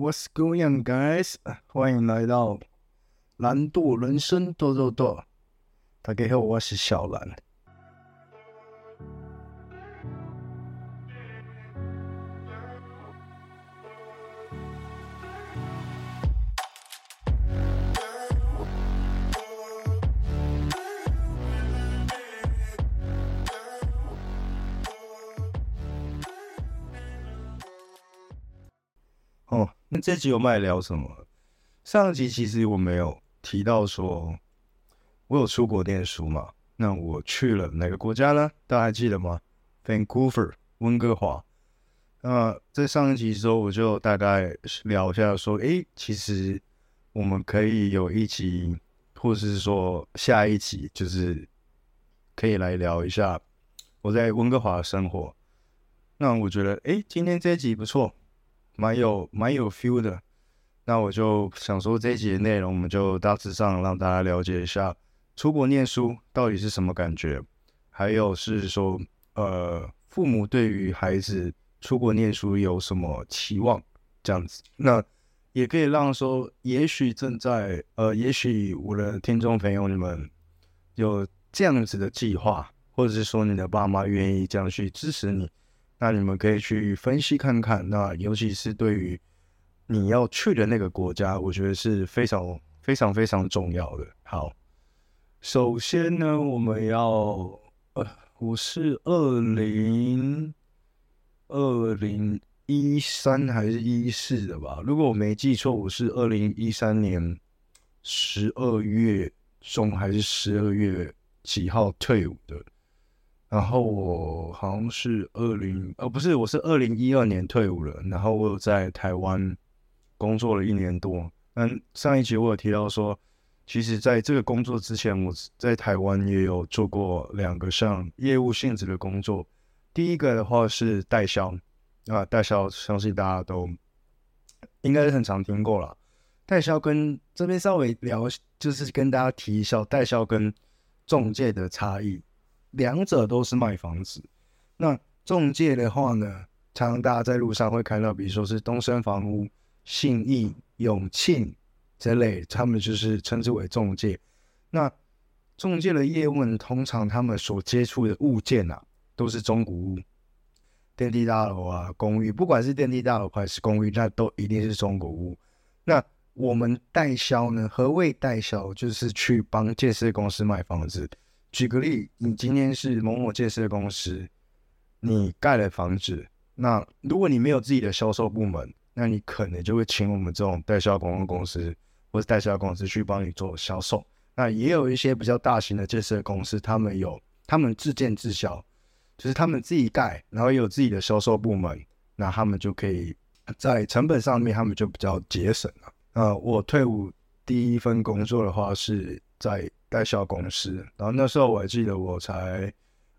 What's going on, guys? 歡迎來到懶度人生多多多。大家好，我是小蘭。那這集我們來聊什麼？上一集其實我沒有提到說，我有出國念書嘛？那我去了哪個國家呢？大家還記得嗎？Vancouver 溫哥華。那在上一集的時候，我就大概聊一下說，哎，其實我們可以有一集，或是說下一集，就是可以來聊一下我在溫哥華的生活。那我覺得，哎，今天這集不錯。蠻有蠻有 feel 的，那我就想說這一集的內容，我們就大致上讓大家了解一下出國念書到底是什麼感覺，還有是說，呃，父母對於孩子出國念書有什麼期望，這樣子。那也可以讓說，也許正在，呃，也許我的聽眾朋友你們有這樣子的計劃，或者是說你的爸媽願意這樣去支持你。那你們可以去分析看看，那尤其是對於你要去的那個國家，我覺得是非常非常非常重要的。好，首先呢，我們要，呃，我是二零二零一三還是一四的吧？如果我沒記錯，我是二零一三年十二月中還是十二月幾號退伍的？然後我好像是二零，呃，不是，我是二零一二年退伍了。然後我有在台灣工作了一年多。嗯，上一集我有提到說，其實在這個工作之前，我在台灣也有做過兩個像業務性質的工作。第一個的話是代銷，啊，代銷相信大家都應該是很常聽過啦。代銷跟這邊稍微聊，就是跟大家提一下代銷跟仲介的差異。兩者都是賣房子。那仲介的話呢，常常大家在路上會看到，比如說是東森房屋、信義永慶這類，他們就是稱之為仲介。那仲介的業務呢，通常他們所接觸的物件啊，都是中古屋、電梯大樓啊、公寓，不管是電梯大樓還是公寓，那都一定是中古屋。那我們代銷呢？何謂代銷？就是去幫建設公司賣房子。舉個例，你今天是某某建設公司，你蓋了房子，那如果你沒有自己的銷售部門，那你可能就會請我們這種代銷廣告公司或者代銷公司去幫你做銷售。那也有一些比較大型的建設公司，他們有他們自建自銷，就是他們自己蓋，然後也有自己的銷售部門，那他們就可以在成本上面他們就比較節省了。那我退伍第一份工作的話是。在代銷公司，然後那時候我還記得，我才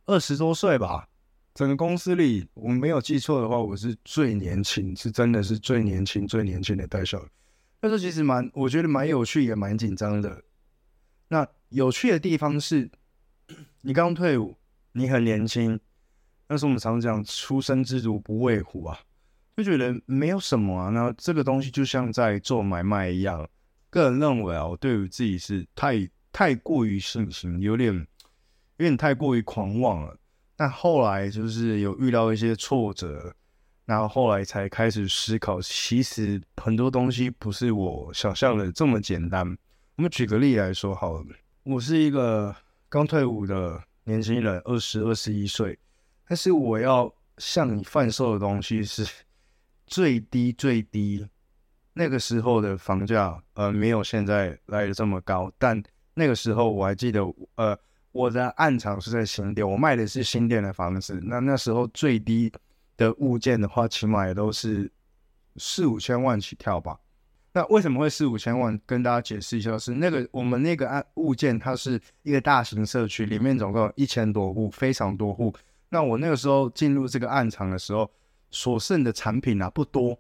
二十多歲吧。整個公司裡，我沒有記錯的話，我是最年輕，是真的是最年輕、最年輕的代銷。那時候其實蠻，我覺得蠻有趣，也蠻緊張的。那有趣的地方是，你剛退伍，你很年輕。那時候我們常常講“初生之犢不畏虎”啊，就覺得沒有什麼啊。那這個東西就像在做買賣一樣。個人認為啊，我對於自己是太太過於自信，有點有點太過於狂妄了。但後來就是有遇到一些挫折，然後後來才開始思考，其實很多東西不是我想象的這麼簡單。我們舉個例來說好了，我是一個剛退伍的年輕人，二十二十一歲，但是我要向你販售的東西是最低最低。那個時候的房價，呃，沒有現在來的這麼高。但那個時候我還記得，呃，我的案場是在新店，我賣的是新店的房子。那那時候最低的物件的話，起碼也都是四五千萬起跳吧。那為什麼會四五千萬？跟大家解釋一下是，是那個我們那個案物件，它是一個大型社區，裡面總共一千多戶，非常多戶。那我那個時候進入這個案場的時候，所剩的產品啊不多。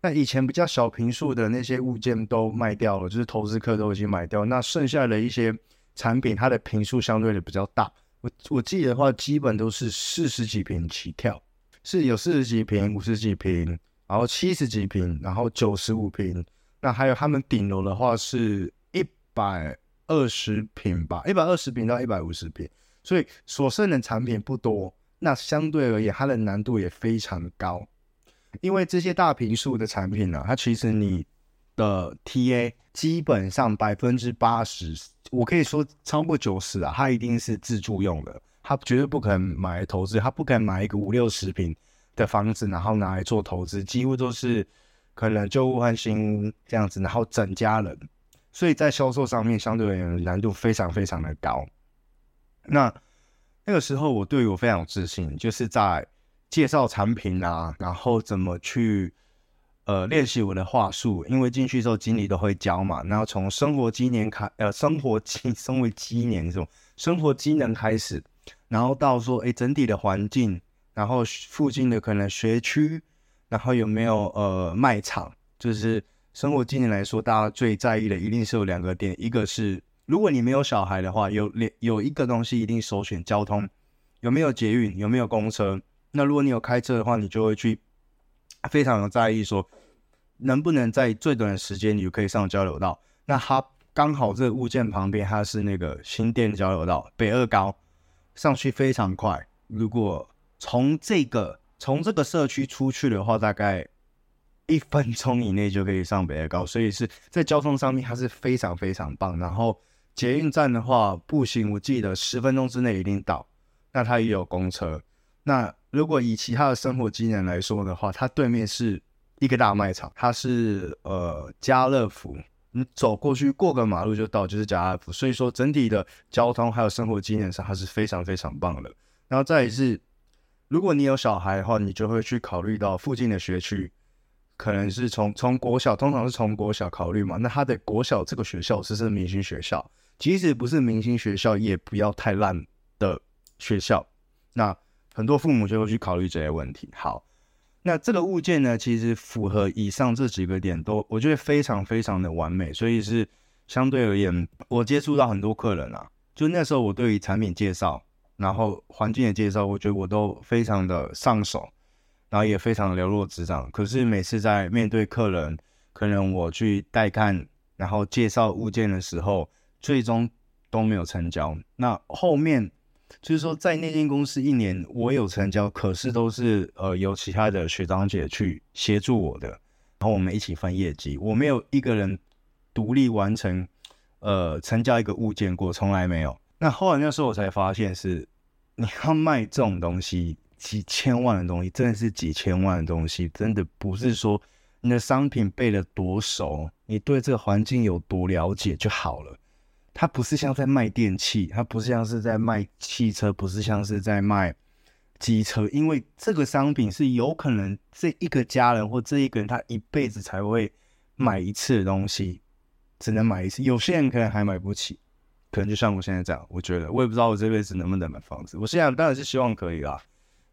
那以前比較小坪數的那些物件都賣掉了，就是投資客都已經買掉了。那剩下的一些產品，它的坪數相對的比較大。我我記得的話，基本都是四十幾坪起跳，是有四十幾坪、五十幾坪，然後七十幾坪，然後九十五坪。那還有他們頂樓的話是一百二十坪吧，一百二十坪到一百五十坪，所以所剩的產品不多。那相對而言，它的難度也非常高。因為這些大坪數的產品呢、啊，它其實你的 TA 基本上百分之八十，我可以說超過九十啊，它一定是自住用的，它絕對不可能買來投資，它不可能買一個五六十坪的房子，然後拿來做投資，幾乎都是可能舊換新這樣子，然後整家人，所以在銷售上面相對而言難度非常非常的高。那那個時候我對於我非常有自信，就是在。介紹產品啊，然後怎麼去呃練習我的話術？因為進去之後，經理都會教嘛。然後從生活機能開，呃，生活機，生活機能，生活機能開始，然後到說，哎，整體的環境，然後附近的可能學區，然後有沒有呃賣場？就是生活機能來說，大家最在意的一定是有兩個點，一個是如果你沒有小孩的話，有兩有一個東西一定首選交通，有沒有捷運，有沒有公車？那如果你有開車的話，你就會去非常有在意說能不能在最短的時間你就可以上交流道。那它剛好這個物件旁邊它是那個新店交流道北二高，上去非常快。如果從這個從這個社區出去的話，大概一分鐘以內就可以上北二高，所以是在交通上面它是非常非常棒。然後捷運站的話，步行我記得十分鐘之內一定到。那它也有公車，那。如果以其他的生活機能來說的話，它對面是一個大賣場，它是呃家樂福，你走過去過個馬路就到，就是家樂福。所以說整體的交通還有生活機能上，它是非常非常棒的。然後再來是，如果你有小孩的話，你就會去考慮到附近的學區，可能是從從國小，通常是從國小考慮嘛。那它的國小這個學校是不是明星學校？即使不是明星學校，也不要太爛的學校。那很多父母就會去考慮這些問題。好，那這個物件呢，其實符合以上這幾個點，都我覺得非常非常的完美，所以是相對而言，我接觸到很多客人啊，就那時候我對於產品介紹，然後環境的介紹，我覺得我都非常的上手，然後也非常的了如指掌。可是每次在面對客人，可能我去帶看，然後介紹物件的時候，最終都沒有成交。那後面。就是說，在那間公司一年，我有成交，可是都是呃由其他的學長姐去協助我的，然後我們一起分業績，我沒有一個人獨立完成，呃成交一個物件過，從來沒有。那後來那時候我才發現，是你要賣這種東西，幾千萬的東西，真的是幾千萬的東西，真的不是說你的商品背得多熟，你對這個環境有多了解就好了。它不是像在賣電器，它不是像是在賣汽車，不是像是在賣機車，因為這個商品是有可能這一個家人或這一個人他一輩子才會買一次的東西，只能買一次。有些人可能還買不起，可能就像我現在這樣，我覺得我也不知道我這輩子能不能買房子。我現在當然是希望可以啦。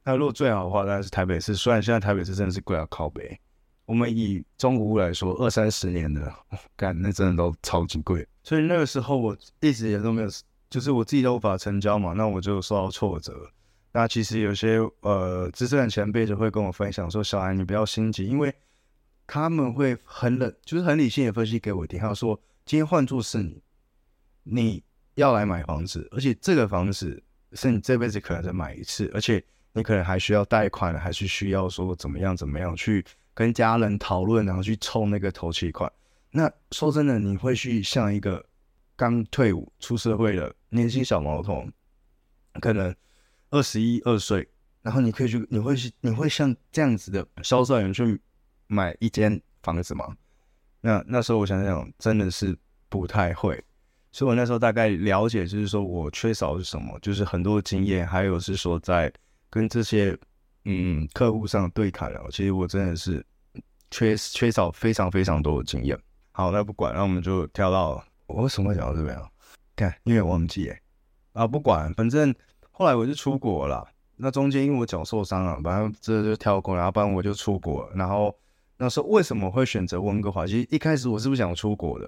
那如果最好的話，當然是台北市，雖然現在台北市真的是貴到啊靠北。我們以中古屋來說，二三十年的，幹，那真的都超級貴。所以那個時候我一直也都沒有，就是我自己都無法成交嘛，那我就受到挫折。那其實有些呃資深的前輩就會跟我分享說：“ 小安，你不要心急，因為他們會很冷，就是很理性的分析給我聽。他說，今天換作是你，你要來買房子，而且這個房子是你這輩子可能再買一次，而且你可能還需要貸款，還是需要說怎麼樣怎麼樣去跟家人討論，然後去湊那個頭期款。”那說真的，你會去像一個剛退伍出社會的年輕小毛頭，可能二十一二歲，然後你可以去，你會去，你會像這樣子的銷售人員去買一間房子嗎？那那時候我想想，真的是不太會。所以我那時候大概了解，就是說我缺少是什麼，就是很多經驗，還有是說在跟這些嗯客戶上對談了，其實我真的是缺缺少非常非常多的經驗。好，那不管，那我們就跳到我為什麼講到這邊啊？看，因為我忘記哎、欸。啊，不管，反正後來我就出國了。那中間因為我腳受傷了，反正這就跳過了。然後不然我就出國了。然後那時候為什麼我會選擇溫哥華？其實一開始我是不想出國的，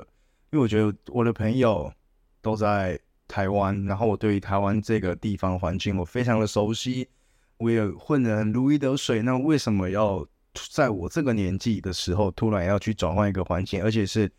因為我覺得我的朋友都在台灣，然後我對於台灣這個地方環境我非常的熟悉，我也混得很如魚得水。那為什麼要？在我這個年紀的時候，突然要去轉換一個環境，而且是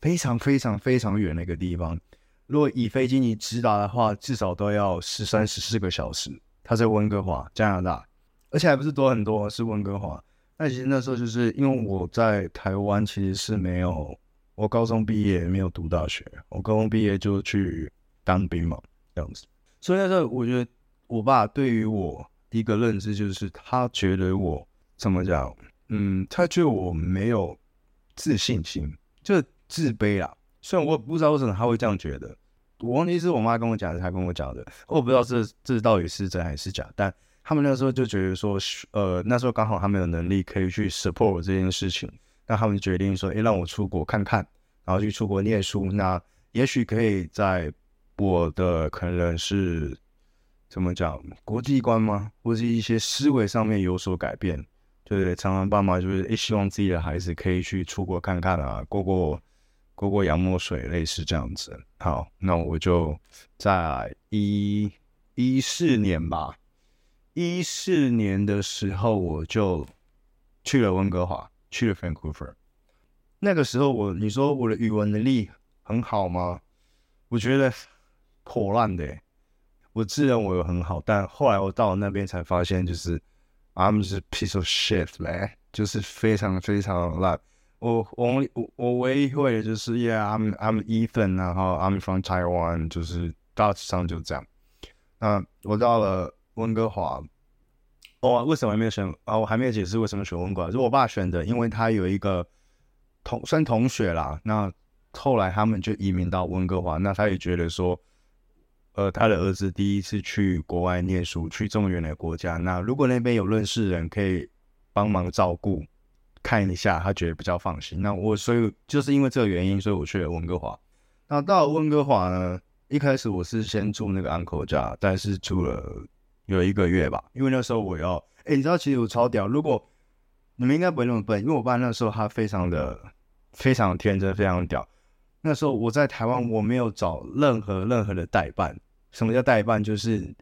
非常非常非常遠的一個地方。如果以飛機你直達的話，至少都要十三、十四個小時。他在溫哥華，加拿大，而且還不是多很多，是溫哥華。那其實那時候就是因為我在台灣，其實是沒有我高中畢業沒有讀大學，我高中畢業就去當兵嘛，這樣子。所以那時候我覺得，我爸對於我第一個認知就是，他覺得我。怎麼講？嗯，他覺得我沒有自信心，就自卑啦。雖然我也不知道為什麼他會這樣覺得。我忘記是我媽跟我講的，他跟我講的，我不知道這這到底是真還是假。但他們那時候就覺得說，呃，那時候剛好他們有能力可以去 support 我這件事情，那他們就決定說，誒，讓我出國看看，然後去出國念書，那也許可以在我的可能是怎麼講國際觀嗎，或者是一些思維上面有所改變。對對，常常爸媽就是也希望自己的孩子可以去出國看看啊，過過過過洋墨水類似這樣子。好，那我就在一一四年吧，一四年的時候我就去了溫哥華，去了 Vancouver。那個時候我，你說我的語文能力很好嗎？我覺得破爛的。我自認為我很好，但後來我到了那邊才發現，就是。I'm just a piece of shit, man，就是非常非常爛。我，我，我，唯一會的就是，Yeah, I'm, I'm Ethan，然後 I'm from Taiwan，就是大致上就這樣。那我到了溫哥華，哦，為什麼沒有選啊？我還沒有解釋為什麼選溫哥華，是我爸選的，因為他有一個同，算同學啦。那後來他們就移民到溫哥華，那他也覺得說。呃，他的兒子第一次去國外念書，去這麼遠的國家，那如果那邊有認識人，可以幫忙照顧看一下，他覺得比較放心。那我所以就是因為這個原因，所以我去了溫哥華。那到溫哥華呢，一開始我是先住那個 uncle 家，但是住了有一個月吧，因為那時候我要，誒、欸，你知道其實我超屌，如果你們應該不會那麼笨，因為我爸那時候他非常的非常的天真，非常屌。那時候我在台灣，我沒有找任何任何的代辦。什麼叫代辦？就是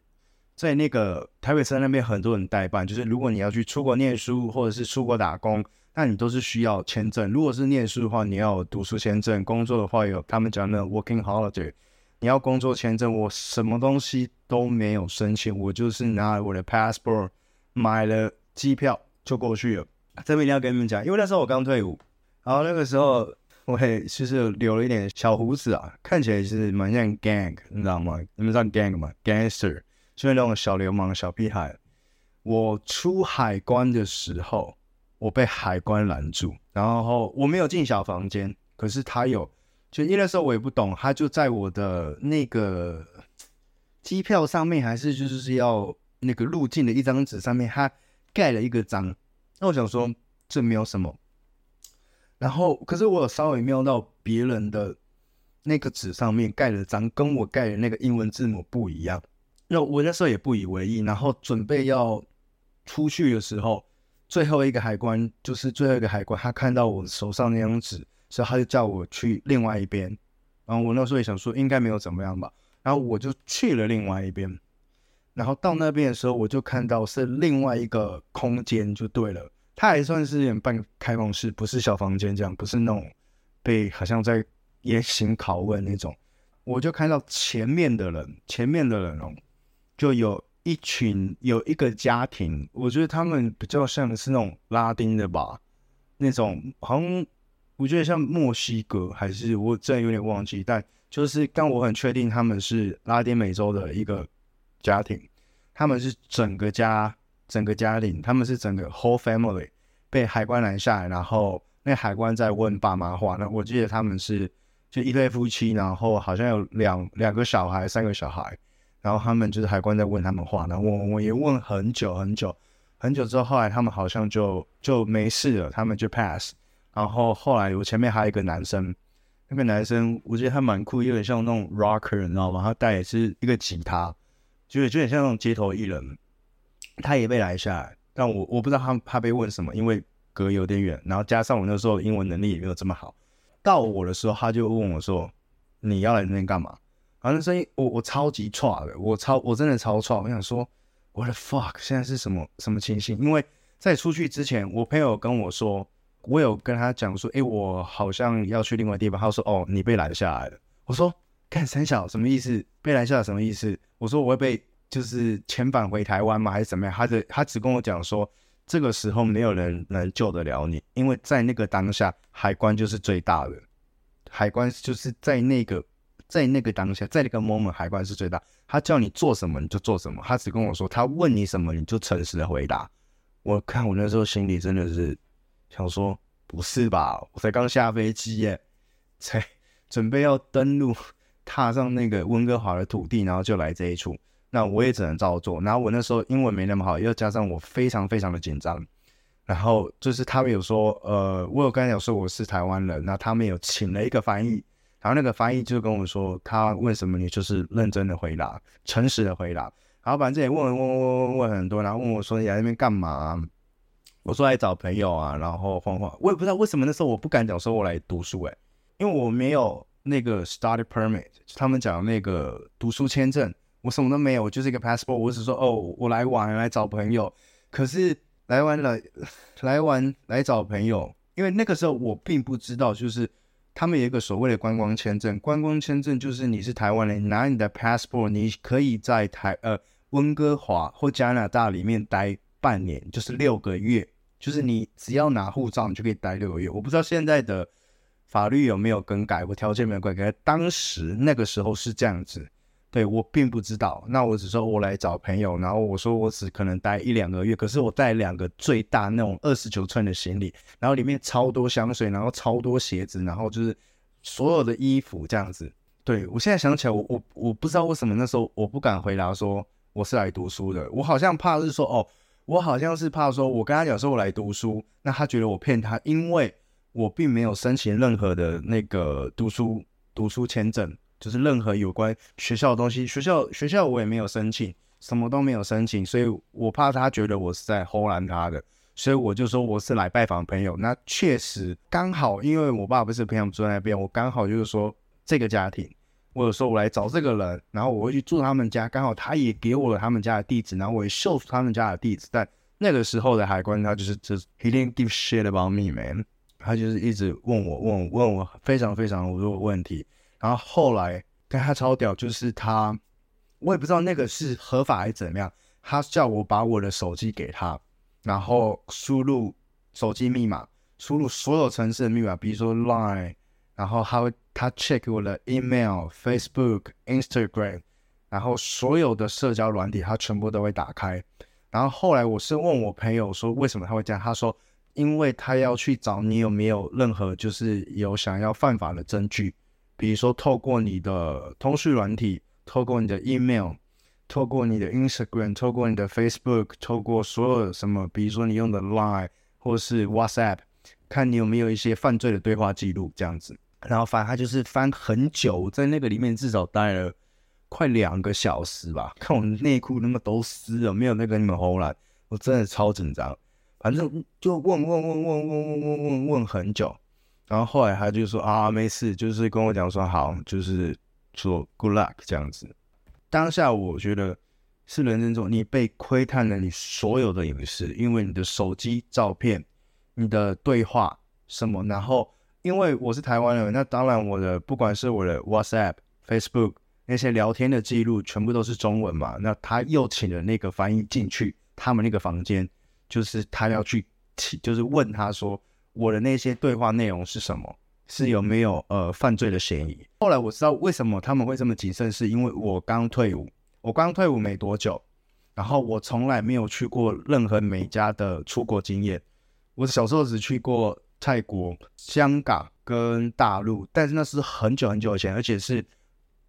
在那個台北車站那邊，很多人代辦。就是如果你要去出國念書，或者是出國打工，那你都是需要簽證。如果是念書的話，你要讀書簽證；工作的話有，有他們講的 Working holiday。你要工作簽證，我什麼東西都沒有申請，我就是拿我的 passport，買了機票就過去了。這邊一定要跟你們講，因為那時候我剛退伍，然後那個時候。我其實留了一點小鬍子啊，看起來是蠻像 gang，你知道嗎？嗯、你們知道 gang 嗎？gangster 就是那種小流氓、小屁孩。我出海關的時候，我被海關攔住，然後我沒有進小房間，可是他有。就因為那時候我也不懂，他就在我的那個機票上面，還是就是要那個入境的一張紙上面，他蓋了一個章。那我想說，這沒有什麼。然後，可是我有稍微瞄到別人的那個紙上面蓋了章，跟我蓋的那個英文字母不一樣。那我那時候也不以為意。然後準備要出去的時候，最後一個海關就是最後一個海關，他看到我手上那張紙，所以他就叫我去另外一邊。然後我那時候也想說，應該沒有怎麼樣吧。然後我就去了另外一邊。然後到那邊的時候，我就看到是另外一個空間，就對了。他還算是半開放式，不是小房間這樣，不是那種被好像在嚴刑拷問那種。我就看到前面的人，前面的人哦、喔，就有一群，有一個家庭，我覺得他們比較像是那種拉丁的吧，那種好像我覺得像墨西哥，還是我真的有點忘記，但就是，但我很確定他們是拉丁美洲的一個家庭，他們是整個家。整個家庭，他們是整個 whole family 被海關攔下來，然後那海關在問爸媽話。那我記得他們是就一對夫妻，然後好像有兩兩個小孩，三個小孩。然後他們就是海關在問他們話，然後我我也問很久很久很久之後，後來他們好像就就沒事了，他們就 pass。然後後來我前面還有一個男生，那個男生我記得他蠻酷，有點像那種 rocker，你知道嗎？他帶也是一個吉他，就有點像那種街頭藝人。他也被攔下來，但我我不知道他他被問什麼，因為隔有點遠，然後加上我那時候英文能力也沒有這麼好。到我的時候，他就問我說：“你要來那邊幹嘛？”反正聲音我我超級挫的，我超我真的超挫。我想說：“我的 fuck，現在是什麼什麼情形？”因為在出去之前，我朋友跟我說，我有跟他講說：“誒、欸，我好像要去另外一地方。”他說：“哦，你被攔下來了。”我說：“干三小什麼意思？被攔下來什麼意思？”我說：“我會被。”就是遣返回台灣嘛，還是怎麼樣？他就，他只跟我講說，這個時候沒有人能救得了你，因為在那個當下，海關就是最大的。海關就是在那個在那個當下，在那個 moment，海關是最大。他叫你做什麼你就做什麼。他只跟我說，他問你什麼你就誠實的回答。我看我那時候心裡真的是想說，不是吧？我才剛下飛機耶，才準備要登陸踏上那個溫哥華的土地，然後就來這一處。那我也只能照做。然後我那時候英文沒那麼好，又加上我非常非常的緊張。然後就是他們有說，呃，我有跟他講說我是台灣人。那他們有請了一個翻譯，然後那個翻譯就跟我說，他問什麼你就是認真的回答，誠實的回答。然後反正也問問問問問很多，然後問我說你來那邊幹嘛？我說來找朋友啊，然後晃晃。我也不知道為什麼那時候我不敢講說我來讀書誒、欸，因為我沒有那個 study permit，他們講那個讀書簽證。我什麼都沒有，我就是一個 passport。我只說哦，我來玩，來找朋友。可是來玩了，來玩來找朋友，因為那個時候我並不知道，就是他們有一個所謂的觀光簽證。觀光簽證就是你是台灣人，你拿你的 passport，你可以在台呃溫哥華或加拿大裡面待半年，就是六個月，就是你只要拿護照，你就可以待六個月。我不知道現在的法律有沒有更改，或條件沒有更改。當時那個時候是這樣子。對，我並不知道，那我只說我來找朋友，然後我說我只可能待一兩個月，可是我帶兩個最大那種二十九寸的行李，然後裡面超多香水，然後超多鞋子，然後就是所有的衣服這樣子。對，我現在想起來我，我我我不知道為什麼那時候我不敢回答說我是來讀書的，我好像怕是說哦，我好像是怕說我跟他講說我來讀書，那他覺得我騙他，因為我並沒有申請任何的那個讀書讀書簽證。就是任何有關學校的東西，學校學校我也沒有申請，什麼都沒有申請，所以我怕他覺得我是在唬爛他的，所以我就說我是來拜訪朋友。那確實剛好，因為我爸不是平常住在那邊，我剛好就是說這個家庭，我有說我來找這個人，然後我會去住他們家，剛好他也給我了他們家的地址，然後我也秀出他們家的地址。但那個時候的海關他、就是就是，他就是是 He didn't give shit about me，man。他就是一直問我問我問我非常非常多的問題。然後後來，但他超屌，就是他，我也不知道那個是合法還是怎樣。他叫我把我的手機給他，然後輸入手機密碼，輸入所有程式的密碼，比如說 Line，然後他會他 check 我的 email、Facebook、Instagram，然後所有的社交軟體他全部都會打開。然後後來我是問我朋友說為什麼他會這樣？他說因為他要去找你有沒有任何就是有想要犯法的證據。比如說，透過你的通訊軟體，透過你的 email，透過你的 Instagram，透過你的 Facebook，透過所有什麼，比如說你用的 Line 或是 WhatsApp，看你有沒有一些犯罪的對話記錄這樣子。然後翻他就是翻很久，在那個裡面至少待了快兩個小時吧。看我內褲那麼都濕了，沒有那個你們歐了，我真的超緊張。反正就問問問問問問問問很久。然後後來他就說啊沒事，就是跟我講說好，就是說 good luck 這樣子。當下我覺得是人生中你被窺探了你所有的隱私，因為你的手機照片、你的對話什麼。然後因為我是台灣人，那當然我的不管是我的 WhatsApp、Facebook 那些聊天的記錄，全部都是中文嘛。那他又請了那個翻譯進去他們那個房間，就是他要去請，就是問他說。我的那些對話內容是什麼？是有沒有呃犯罪的嫌疑？後來我知道為什麼他們會這麼謹慎，是因為我剛退伍，我剛退伍沒多久，然後我從來沒有去過任何美加的出國經驗。我小時候只去過泰國、香港跟大陸，但是那是很久很久以前，而且是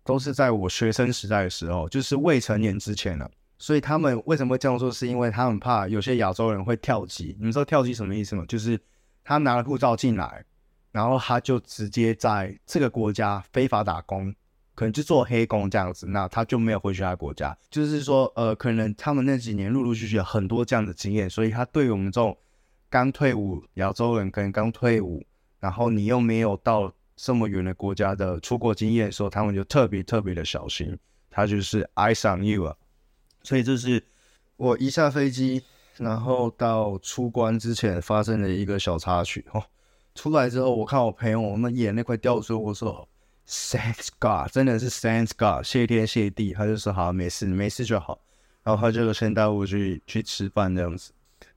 都是在我學生時代的時候，就是未成年之前了啊。所以他們為什麼會這樣做？是因為他們怕有些亞洲人會跳級。你們知道跳級什麼意思嗎？就是。他拿了護照進來，然後他就直接在這個國家非法打工，可能就做黑工這樣子。那他就沒有回去他的國家，就是說，呃，可能他們那幾年陸陸續續有很多這樣的經驗，所以他對於我們這種剛退伍、亞洲人，可能剛退伍，然後你又沒有到這麼遠的國家的出國經驗的時候，他們就特別特別的小心，他就是 eyes on you 啊。所以就是我一下飛機。然後到出關之前發生了一個小插曲哦，出來之後我看我朋友，我們眼那塊掉出來，我說，Thank God，真的是 Thank God，謝天謝地，他就說好、啊，沒事，沒事就好。然後他就先帶我去去吃飯這樣子。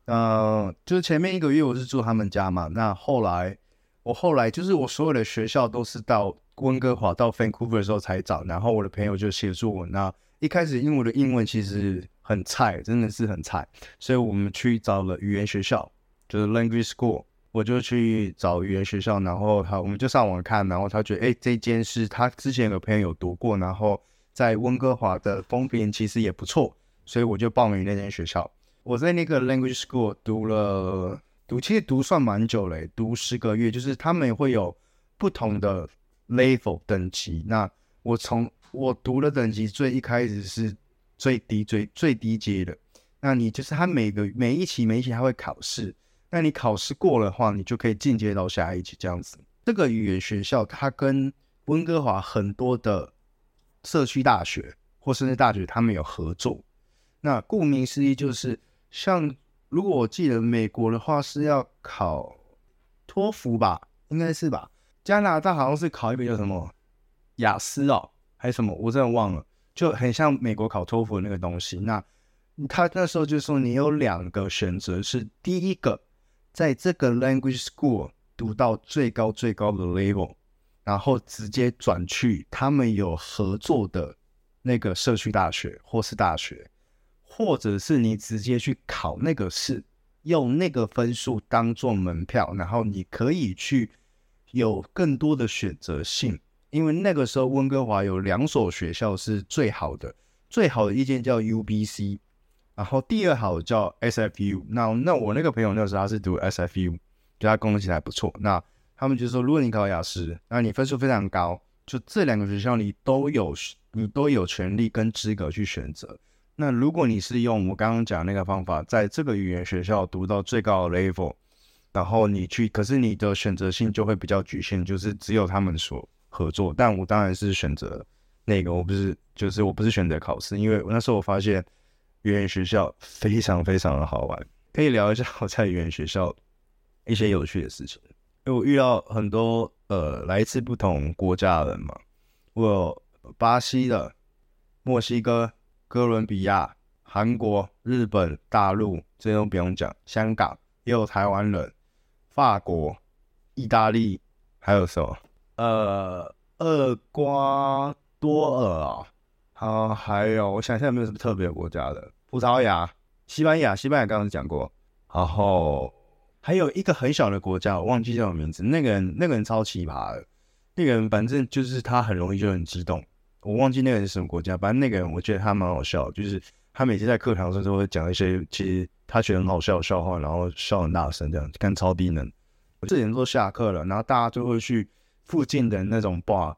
嗯、呃，就是前面一個月我是住他們家嘛，那後來我後來就是我所有的學校都是到溫哥華到 Vancouver 的時候才找，然後我的朋友就寫作文，那一開始因為我的英文其實。很菜，真的是很菜，所以我們去找了語言學校，就是 language school，我就去找語言學校，然後好，我們就上網看，然後他覺得，誒，這間是他之前有朋友有讀過，然後在溫哥華的風評其實也不錯，所以我就報名那間學校。我在那個 language school 讀了，讀其實讀算蠻久了，讀十個月，就是他們會有不同的 level 等級，那我從我讀的等級最一開始是。最低最最低階的，那你就是他每個每一期每一期他會考試，那你考試過了的話，你就可以進階到下一期這樣子。這個語言學校它跟溫哥華很多的社區大學或甚至大學他們有合作。那顧名思義就是，像如果我記得美國的話是要考托福吧，應該是吧？加拿大好像是考一個叫什麼雅思哦，還是什麼？我真的忘了。就很像美國考托福那個東西。那他那時候就說，你有兩個選擇：是第一個，在這個 language school 讀到最高最高的 level，然後直接轉去他們有合作的那個社區大學或是大學；或者是你直接去考那個試，用那個分數當做門票，然後你可以去有更多的選擇性。因為那個時候溫哥華有兩所學校是最好的，最好的一間叫 UBC，然後第二好叫 SFU。那那我那個朋友那時候他是讀 SFU，就他工作起來不錯。那他們就說，如果你考雅思，那你分數非常高，就這兩個學校你都有，你都有權利跟資格去選擇。那如果你是用我剛剛講那個方法，在這個語言學校讀到最高的 level，然後你去，可是你的選擇性就會比較局限，就是只有他們說。合作，但我當然是選擇那個。我不是，就是我不是選擇考試，因為我那時候我發現語言學校非常非常的好玩。可以聊一下我在語言學校一些有趣的事情，因為我遇到很多呃來自不同國家的人嘛。我有巴西的、墨西哥、哥倫比亞、韓國、日本、大陸這些都不用講，香港也有台灣人，法國、意大利還有什麼？呃，厄瓜多爾啊，好，啊，還有我想一下有沒有什麼特別的國家的？葡萄牙、西班牙，西班牙剛剛講過，然後還有一個很小的國家，我忘記叫什麼名字。那個人，那個人超奇葩的，那個人反正就是他很容易就很激動。我忘記那個人是什麼國家，反正那個人我覺得他蠻好笑，就是他每次在課堂上都會講一些其實他覺得很好笑的笑話，然後笑很大聲，這樣看超低能。我之前都下課了，然後大家就會去，附近的那種 bar，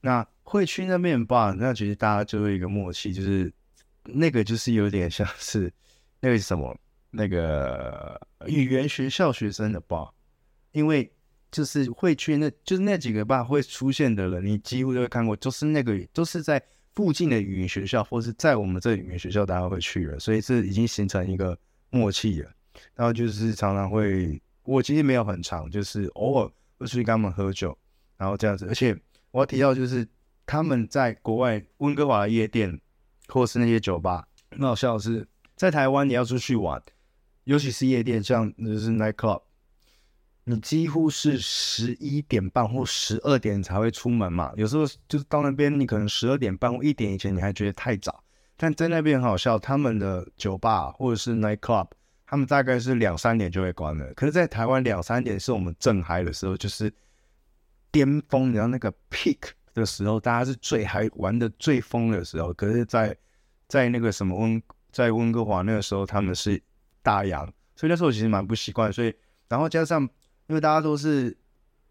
那會去那邊 bar，那其實大家就有一個默契，就是那個就是有點像是那個是什麼？那個語言學校學生的 bar，因為就是會去那，那就是那幾個 bar 會出現的人，你幾乎都會看過，就是那個就是在附近的語言學校，或是在我們這裡面學校，大家會去了，所以這已經形成一個默契了。然後就是常常會，我其實沒有很常，就是偶爾會出去跟他們喝酒。然後這樣子，而且我要提到就是他們在國外溫哥華的夜店或是那些酒吧，很好笑的是，在台灣你要出去玩，尤其是夜店，像就是 night club，你幾乎是十一點半或十二點才會出門嘛。有時候就是到那邊，你可能十二點半或一點以前你還覺得太早，但在那邊很好笑，他們的酒吧或者是 night club，他們大概是兩三點就會關了。可是，在台灣兩三點是我們正嗨的時候，就是。巔峰，然後那個 peak 的時候，大家是最還玩的最瘋的時候。可是在，在在那個什麼溫，在溫哥華那個時候，他們是大洋，所以那時候我其實蠻不習慣。所以，然後加上因為大家都是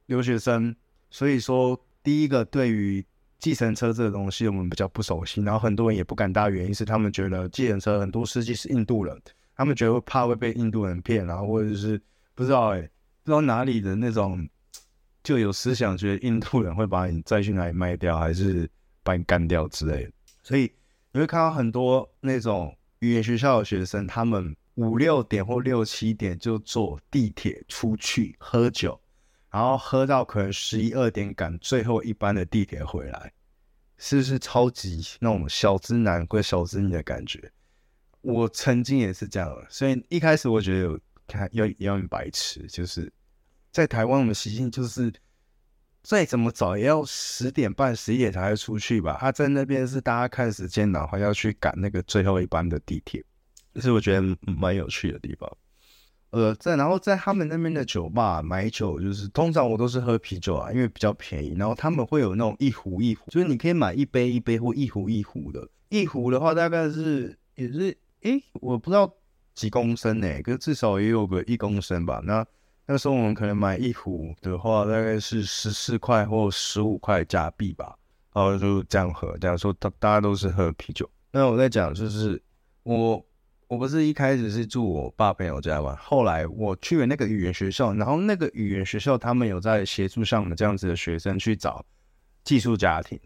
留學生，所以說第一個對於計程車這個東西我們比較不熟悉，然後很多人也不敢搭，原因是他們覺得計程車很多司機是印度人，他們覺得會怕會被印度人騙，然後或者是不知道哎，不知道哪裡的那種。就有思想覺得印度人會把你載去哪裡賣掉，還是把你幹掉之類的，所以你會看到很多那種語言學校的學生，他們五六點或六七點就坐地鐵出去喝酒，然後喝到可能十一二點趕最後一班的地鐵回來，是不是超級那種小資男或小資女的感覺？我曾經也是這樣，所以一開始我覺得有看要要用白痴就是。在台灣，我們習性就是再怎麼早也要十點半、十一點才會出去吧。他、啊、在那邊是大家看時間，然後要去趕那個最後一班的地鐵，這、就是我覺得蠻有趣的地方。呃，在然後在他們那邊的酒吧買酒，就是通常我都是喝啤酒啊，因為比較便宜。然後他們會有那種一壺一壺，就是你可以買一杯一杯或一壺一壺的。一壺的話，大概是也是哎、欸，我不知道幾公升呢、欸，可是至少也有個一公升吧。那。那時候我們可能買一壺的話，大概是十四塊或十五塊加幣吧，然後就這樣喝。這樣說大大家都是喝啤酒，那我在講就是我我不是一開始是住我爸朋友家嘛，後來我去了那個語言學校，然後那個語言學校他們有在協助像我們這樣子的學生去找寄宿家庭，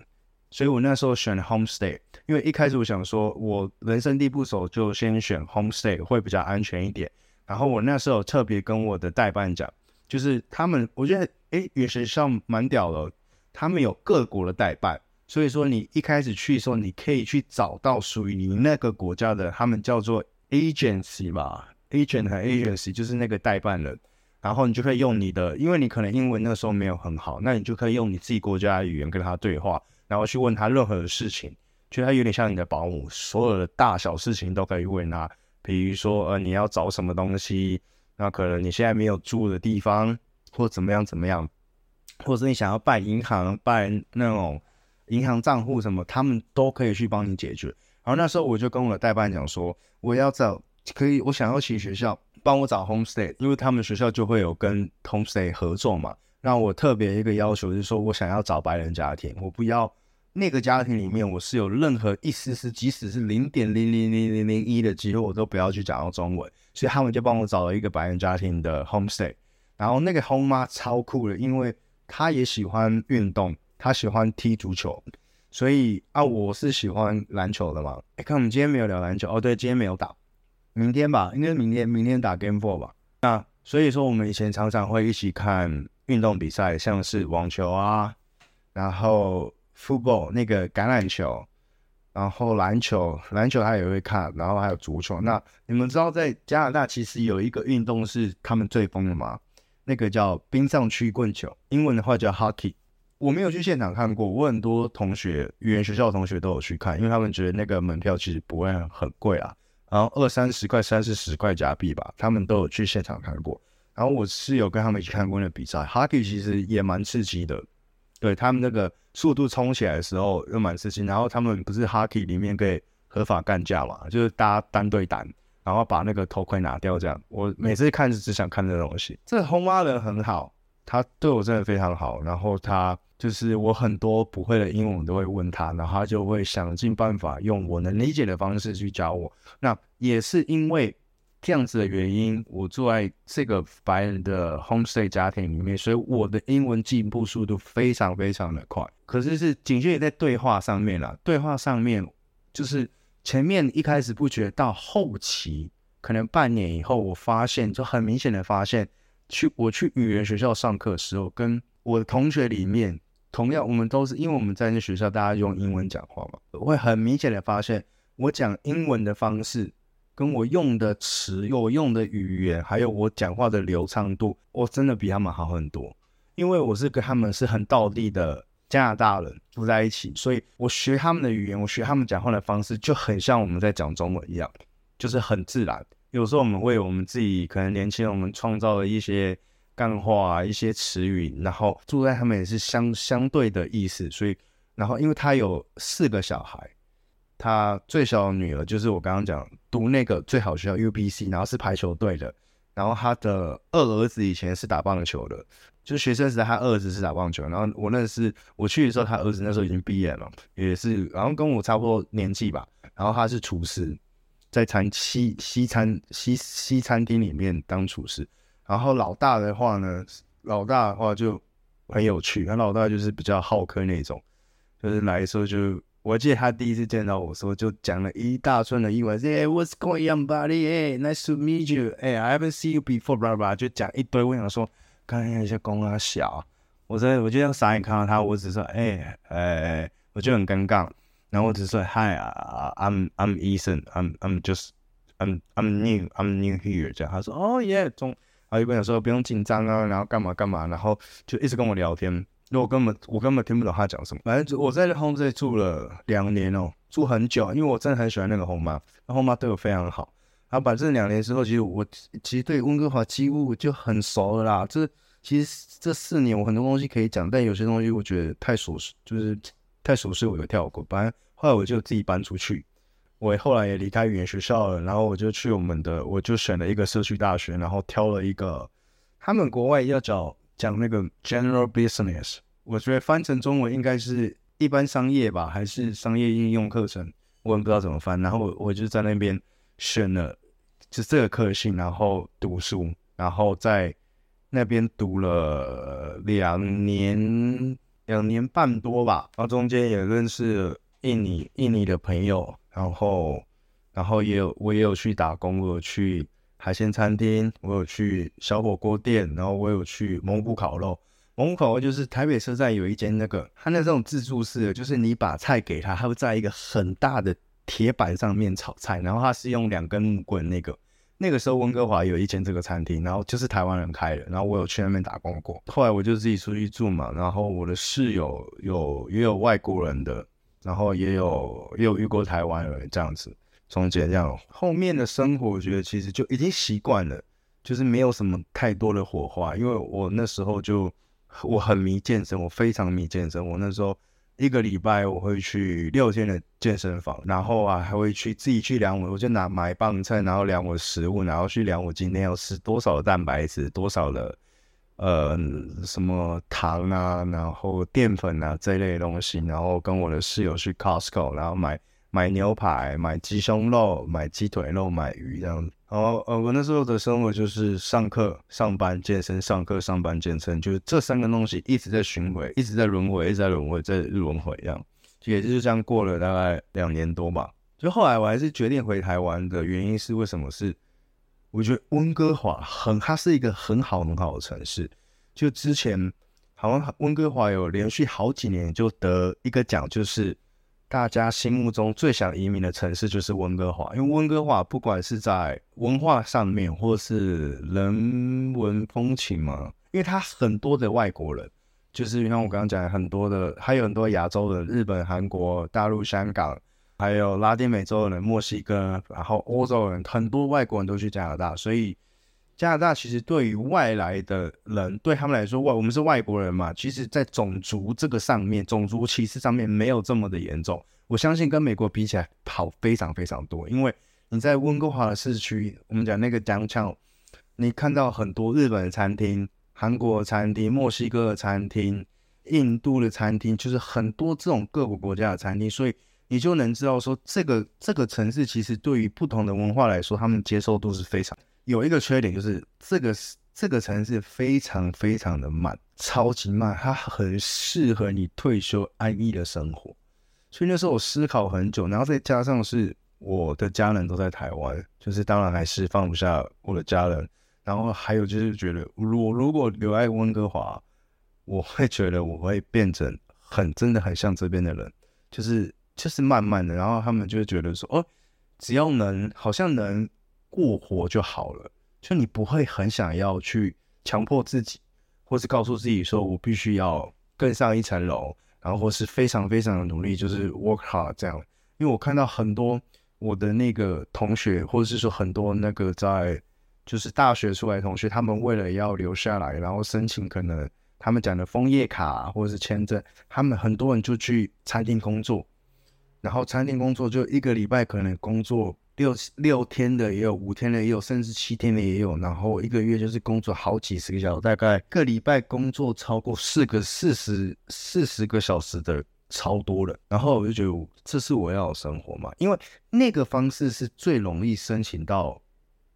所以我那時候選 homestay，因為一開始我想說我人生地不熟，就先選 homestay 會比較安全一點。然後我那時候特別跟我的代辦講，就是他們，我覺得哎，事實上蠻屌的，left, 他們有各國的代辦，所以說你一開始去的時候，你可以去找到屬於你那個國家的，他們叫做 agency 吧，agent 和 agency 就是那個代辦人，嗯，然後你就可以用你的，因為你可能英文那時候沒有很好，那你就可以用你自己國家的語言跟他對話，然後去問他任何的事情，覺得他有點像你的保姆，所有的大小事情都可以問他。比如說，呃，你要找什麼東西，那可能你現在沒有住的地方，或怎麼樣怎麼樣，或是你想要辦銀行、辦那種銀行賬戶什麼，他們都可以去幫你解決。然後那時候我就跟我的代辦講說，我要找，可以，我想要請學校幫我找 homestay，因為他們學校就會有跟 homestay 合作嘛。那我特別一個要求就是說我想要找白人家庭，我不要。那個家庭裡面，我是有任何一絲絲，即使是零點零零零零零一的機會，我都不要去講到中文。所以他們就幫我找了一個白人家庭的 homestay。然後那個 home 媽超酷的，因為她也喜歡運動，她喜歡踢足球。所以啊，我是喜歡籃球的嘛。哎、欸，看我們今天沒有聊籃球哦，對，今天沒有打，明天吧，應該是明天，明天打 game four 吧。那所以說，我們以前常常會一起看運動比賽，像是網球啊，然後。football 那個橄欖球，然後籃球，籃球他也會看，然後還有足球。那你們知道在加拿大其實有一個運動是他們最瘋的嗎？那個叫冰上曲棍球，英文的話叫 hockey。我沒有去現場看過，我很多同學，語言學校的同學都有去看，因為他們覺得那個門票其實不會很貴啊，然後二三十塊、三四十塊加幣吧，他們都有去現場看過。然後我是有跟他們一起看過那個比賽，hockey 其實也蠻刺激的。對，他們那個速度衝起來的時候又蠻刺激，然後他們不是 hockey 裡面可以合法幹架嘛，就是大家單對單，然後把那個頭盔拿掉這樣。我每次看是只想看這東西。這 home 媽人很好，他對我真的非常好，然後他就是我很多不會的英文都會問他，然後他就會想盡辦法用我能理解的方式去教我。那也是因為這樣子的原因，我住在這個白人的 homestay 家庭裡面，所以我的英文進步速度非常非常的快。可是是，僅限於在對話上面啦，對話上面就是前面一開始不覺得，到後期可能半年以後，我發現就很明顯的發現，去我去語言學校上課的時候，跟我的同學裡面，同樣我們都是因為我們在那學校大家用英文講話嘛，我會很明顯的發現我講英文的方式。跟我用的詞，我用的語言，還有我講話的流暢度，我真的比他們好很多。因為我是跟他們是很道地的加拿大人住在一起，所以我學他們的語言，我學他們講話的方式，就很像我們在講中文一樣，就是很自然。有時候我們為我們自己可能年輕人我們創造了一些乾話、啊、一些詞語，然後住在他們也是相相對的意思。所以，然後因為他有四個小孩，他最小的女兒就是我剛剛講的，讀那個最好學校 UBC，然後是排球隊的，然後他的二兒子以前是打棒球的，就是學生時代他二兒子是打棒球，然後我認識，我去的時候他兒子那時候已經畢業了，也是，然後跟我差不多年紀吧，然後他是廚師，在餐西西餐西西餐廳裡面當廚師，然後老大的話呢，老大的話就很有趣，他老大就是比較好客那種，就是來的時候就。我記得他第一次見到我說，就講了一大串的英文，說，哎，what's going on, buddy? Hey, nice to meet you. 哎、hey,，I haven't see you before. 巴拉巴拉，就講一堆。我想說，看一下公、啊，些工啊小，我說，我就用傻眼看到他，我只說，誒，誒，我就很尷尬。然後我只說 Hi, uh, I'm I'm Eason I'm I'm just I'm I'm new. I'm new here. 這樣，他說，哦、oh,，yeah，中。然後就有時候不用緊張啊，然後幹嘛幹嘛，然後就一直跟我聊天。那我根本我根本聽不懂他講什麼，反正我在 home 這裡住了兩年哦、喔，住很久，因為我真的很喜歡那個後媽，然後媽對我非常好。然、啊、後反正兩年之後，其實我其實對溫哥華幾乎就很熟了啦。這其實這四年我很多東西可以講，但有些東西我覺得太熟，就是太熟悉。我有跳過。反正後來我就自己搬出去，我後來也離開語言學校了，然後我就去我們的，我就選了一個社區大學，然後挑了一個他們國外要找。講那個 general business，我覺得翻成中文應該是一般商業吧，還是商業應用課程？我也不知道怎麼翻。然後我就在那邊選了就這個課程，然後讀書，然後在那邊讀了兩年兩年半多吧。然後中間也認識印尼印尼的朋友，然後然後也有我也有去打工，我有去，海鮮餐廳，我有去小火鍋店，然後我有去蒙古烤肉。蒙古烤肉就是台北車站有一間那個，它那種自助式的，就是你把菜給他，他會在一個很大的鐵板上面炒菜，然後他是用兩根木棍那個。那個時候溫哥華有一間這個餐廳，然後就是台灣人開的，然後我有去那邊打工過。後來我就自己出去住嘛，然後我的室友有也有外國人的，然後也有也有遇過台灣人這樣子。總結這樣，後面的生活我覺得其實就已經習慣了，就是沒有什麼太多的火花，因為我那時候就我很迷健身，我非常迷健身。我那時候一個禮拜我會去六天的健身房，然後啊還會去自己去量我，我就拿買磅秤，然後量我食物，然後去量我今天要吃多少的蛋白質，多少的呃什麼糖啊，然後澱粉啊這一類的東西，然後跟我的室友去 Costco 然後買。買牛排，買雞胸肉，買雞腿肉，買魚這樣子。然後，呃，我那時候的生活就是上課、上班、健身；上課、上班、健身，就是這三個東西一直在循環，一直在輪迴，一直在輪迴，迴，在輪迴這樣。就也是就這樣過了大概兩年多吧。就後來我還是決定回台灣的原因是為什麼？是我覺得溫哥華很，它是一個很好很好的城市。就之前好像溫哥華有連續好幾年就得一個獎，就是。大家心目中最想移民的城市就是溫哥華，因為溫哥華不管是在文化上面，或是人文風情嘛，因為它很多的外國人，就是像我剛剛講很多的，還有很多亞洲人，日本、韓國、大陸、香港，還有拉丁美洲人、墨西哥，然後歐洲人，很多外國人都去加拿大，所以。加拿大其實對於外來的人，對他們來說，外我們是外國人嘛，其實，在種族這個上面，種族歧視上面沒有這麼的嚴重。我相信跟美國比起來，好非常非常多。因為你在溫哥華的市區，我們講那個 downtown，你看到很多日本的餐廳、韓國的餐廳、墨西哥的餐廳、印度的餐廳，就是很多這種各個國家的餐廳，所以你就能知道說，這個這個城市其實對於不同的文化來說，他們接受度是非常。有一個缺點就是這個這個城市非常非常的慢，超級慢，它很適合你退休安逸的生活。所以那時候我思考很久，然後再加上是我的家人都在台灣，就是當然還是放不下我的家人。然後還有就是覺得我如果留在溫哥華，我會覺得我會變成很真的很像這邊的人，就是就是慢慢的，然後他們就覺得說哦，只要能，好像能。過活就好了，就你不會很想要去強迫自己，或是告訴自己說，我必須要更上一層樓，然後或是非常非常的努力，就是 work hard 這樣。因為我看到很多我的那個同學，或者是說很多那個在就是大學出來的同學，他們為了要留下來，然後申請可能他們講的楓葉卡或者是簽證，他們很多人就去餐廳工作，然後餐廳工作就一個禮拜可能工作。六六天的也有，五天的也有，甚至七天的也有。然後一個月就是工作好幾十個小時，大概個禮拜工作超過四個、四十、四十個小時的超多了。然後我就覺得這是我要的生活嘛，因為那個方式是最容易申請到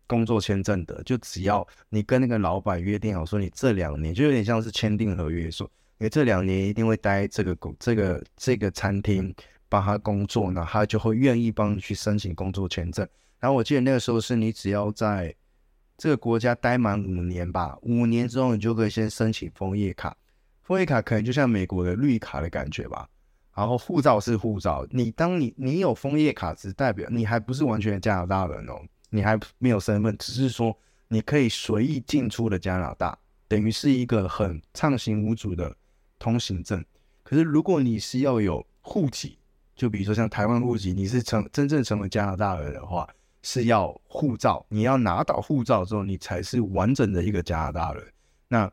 工作簽證的。就只要你跟那個老闆約定好，說你這兩年就有點像是簽訂合約，說你這兩年一定會待這個這個這個餐廳。幫他工作呢，他就會願意幫你去申請工作簽證。然後我記得那個時候是你只要在這個國家待滿五年吧，五年之後你就可以先申請楓葉卡。楓葉卡可能就像美國的綠卡的感覺吧。然後護照是護照，你當你你有楓葉卡，只代表你還不是完全的加拿大人哦，你還沒有身份，只是說你可以隨意進出的加拿大，等於是一個很暢行無阻的通行證。可是如果你是要有戶籍，就比如說像台灣戶籍，你是成真正成為加拿大人的話，是要護照。你要拿到護照之後，你才是完整的一個加拿大人。那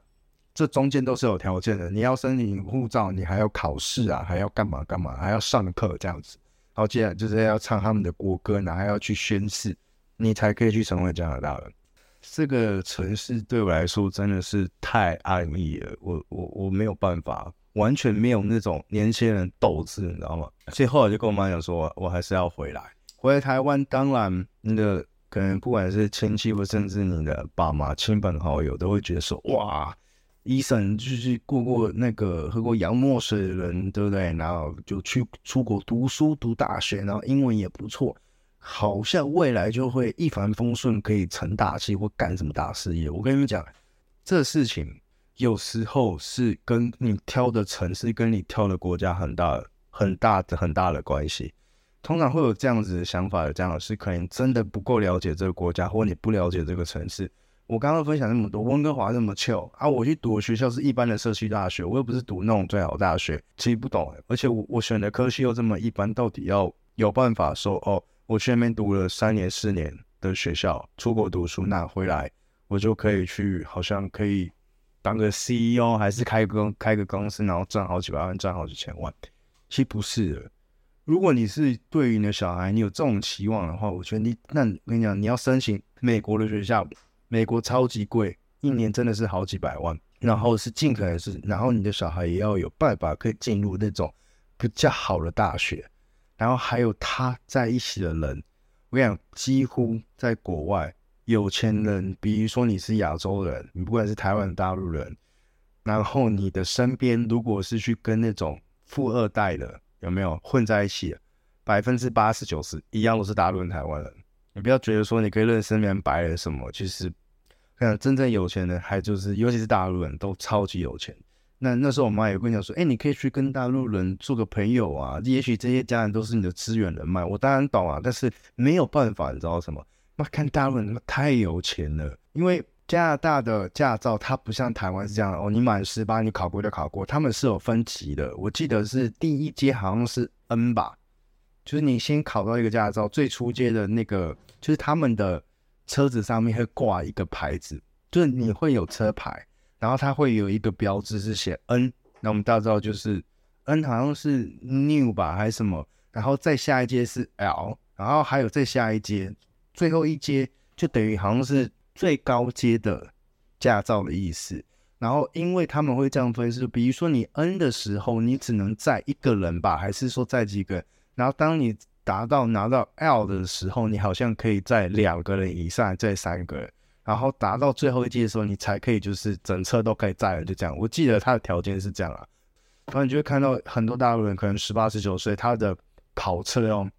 這中間都是有條件的，你要申請護照，你還要考試啊，還要幹嘛幹嘛，還要上課這樣子。然後接下來就是要唱他們的國歌，然後還要去宣誓，你才可以去成為加拿大人。這個城市對我來說真的是太安逸了，我我我沒有辦法。完全沒有那種年輕人鬥志，你知道嗎？所以後來就跟我媽講說，我還是要回來，回來台灣。當然，那個可能不管是親戚，或甚至你的爸媽、親朋好友，都會覺得說，哇，醫生就是過過那個喝過洋墨水的人，對不對？然後就去出國讀書，讀大學，然後英文也不錯，好像未來就會一帆風順，可以成大器或幹什麼大事業。我跟你們講，這事情，有時候是跟你挑的城市，跟你挑的國家很大、很大、很、很大的關係。通常會有這樣子的想法的，這樣的事可能真的不夠了解這個國家，或你不了解這個城市。我剛剛分享那麼多，溫哥華那麼 chill 啊！我去讀的學校是一般的社區大學，我又不是讀那種最好的大學，其實不懂。而且我我選的科系又這麼一般，到底要有辦法說哦？我去那邊讀了三年、四年的學校，出國讀書，那回來我就可以去，好像可以。當個 CEO 還是開個開個公司，然後賺好幾百萬，賺好幾千萬，其實不是的。如果你是對於你的小孩，你有這種期望的話，我覺得你，那我跟你講，你要申請美國的學校，美國超級貴，一年真的是好幾百萬。然後是盡可能是，然後你的小孩也要有辦法可以進入那種比較好的大學。然後還有他在一起的人，我跟你講，幾乎在國外，有錢人，比如說你是亞洲人，你不管是台灣、大陸人，然後你的身邊如果是去跟那種富二代的，有沒有混在一起？百分之八十九十一樣都是大陸人、台灣人。你不要覺得說你可以認識身邊白人什麼，其實看真正有錢人還就是尤其是大陸人都超級有錢。那那時候我媽也跟你講說：“哎，你可以去跟大陸人做個朋友啊，也許這些家人都是你的資源人脈。”我當然懂啊，但是沒有辦法，你知道什麼？我看大人怎麼太有錢了？因為加拿大的駕照它不像台灣是這樣的哦，你滿十八你考過就考過，他們是有分級的。我記得是第一階好像是 N 吧，就是你先考到一個駕照，最初階的那個就是他們的車子上面會掛一個牌子，就是你會有車牌，然後它會有一個標誌是寫 N。那我們大家知道就是 N，好像是 New 吧，還是什麼？然後再下一階是 L，然後還有再下一階。最後一階就等於好像是最高階的駕照的意思。然後因為他們會這樣分，是比如說你 N 的時候，你只能載一個人吧？還是說載幾個？然後當你達到拿到 L 的時候，你好像可以載兩個人以上，載三個人。然後達到最後一階的時候，你才可以就是整車都可以載了，就這樣。我記得他的條件是這樣啦。然後你就會看到很多大陸人可能十八十九歲，他的跑車哦，